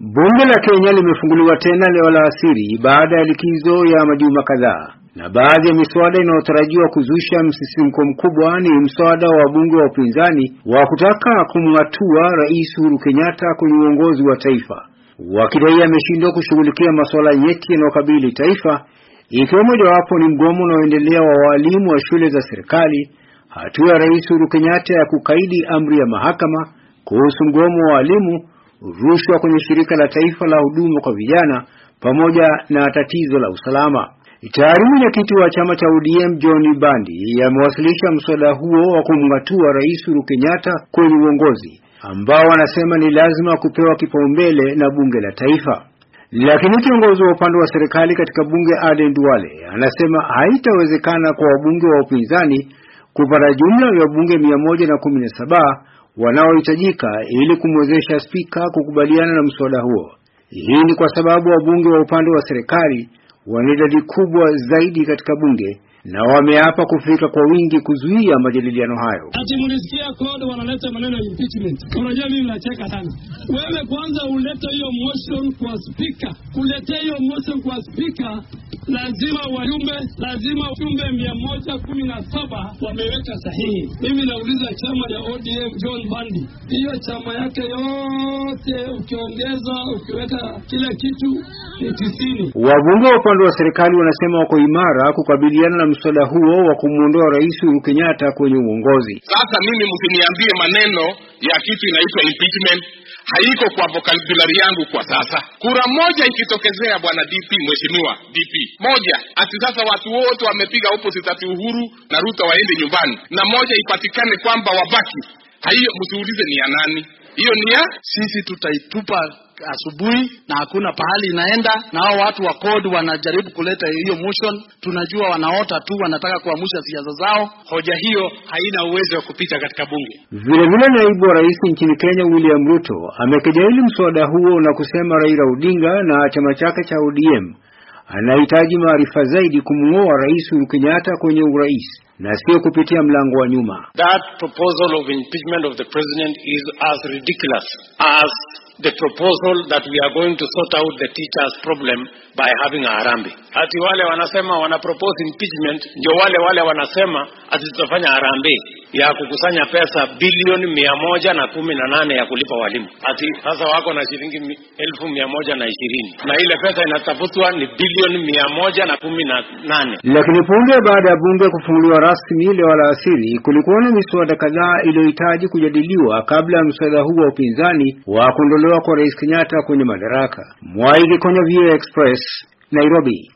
Bunge la Kenya limefunguliwa tena leo alasiri baada ya likizo ya majuma kadhaa, na baadhi ya miswada inayotarajiwa kuzusha msisimko mkubwa ni mswada wa wabunge wa upinzani wa kutaka kumng'atua Rais Uhuru Kenyatta kwenye uongozi wa taifa, wakidai ameshindwa kushughulikia masuala nyeti yanayokabili taifa, ikiwa mojawapo ni mgomo unaoendelea wa walimu wa shule za serikali, hatua ya Rais Uhuru Kenyatta ya kukaidi amri ya mahakama kuhusu mgomo wa walimu rushwa kwenye shirika la taifa la huduma kwa vijana pamoja na tatizo la usalama. Tayari mwenyekiti wa chama cha ODM John Bandi amewasilisha mswada huo wa kumng'atua Rais Uhuru Kenyatta kwenye uongozi ambao anasema ni lazima kupewa kipaumbele na bunge la taifa. Lakini kiongozi wa upande wa serikali katika bunge Aden Duale anasema haitawezekana kwa wabunge wa upinzani kupata jumla ya wabunge 117 wanaohitajika ili kumwezesha spika kukubaliana na mswada huo. Hii ni kwa sababu wabunge wa upande wa serikali wana idadi kubwa zaidi katika bunge na wameapa kufika kwa wingi kuzuia majadiliano hayo. Ati mlisikia wanaleta maneno ya impeachment. Unajua mimi nacheka sana. Wewe kwanza ulete hiyo motion kwa speaker, hiyo motion kwa speaker lazima wajumbe lazima wajumbe mia moja kumi na saba wameweka sahihi. Mimi nauliza chama ya ODM John Bandi, hiyo chama yake yote ukiongeza ukiweka kila kitu ni tisini. Wabunge wa upande wa serikali wanasema wako imara kukabiliana na mswada huo wa kumwondoa Rais Uhuru Kenyatta kwenye uongozi. Sasa mimi msiniambie maneno ya kitu inaitwa impeachment haiko kwa vocabulary yangu kwa sasa. Kura moja ikitokezea, bwana DP, mheshimiwa DP, moja, ati sasa watu wote wamepiga opposite ati Uhuru na Ruto waende nyumbani, na moja ipatikane kwamba wabaki. Hiyo msiulize ni ya nani hiyo, ni ya sisi, tutaitupa asubuhi na hakuna pahali inaenda. Na hao watu wa CORD wanajaribu kuleta hiyo motion, tunajua wanaota tu, wanataka kuamsha siasa zao. Hoja hiyo haina uwezo wa kupita katika bunge. Vilevile naibu wa rais nchini Kenya William Ruto amekejeli mswada huo na kusema Raila Odinga na chama chake cha ODM anahitaji maarifa zaidi kumng'oa Rais Uhuru Kenyatta kwenye urais na sio kupitia mlango wa nyuma. That proposal of impeachment of the president is as ridiculous as the proposal that we are going to sort out the teachers problem by having a harambee. ati wale wanasema wana propose impeachment ndio wale wale wanasema ati tutafanya harambee ya kukusanya pesa bilioni mia moja na kumi na nane ya kulipa walimu. Ati sasa wako na shilingi elfu mia moja na ishirini na ile pesa inatafutwa ni bilioni mia moja na kumi na nane. Lakini punde baada ya bunge kufunguliwa rasmi leo alasiri, kulikuwa na miswada kadhaa iliyohitaji kujadiliwa kabla ya mswada huu wa upinzani wa kuondolewa kwa Rais Kenyatta kwenye madaraka. Mwaiki kwenye VOA Express, Nairobi.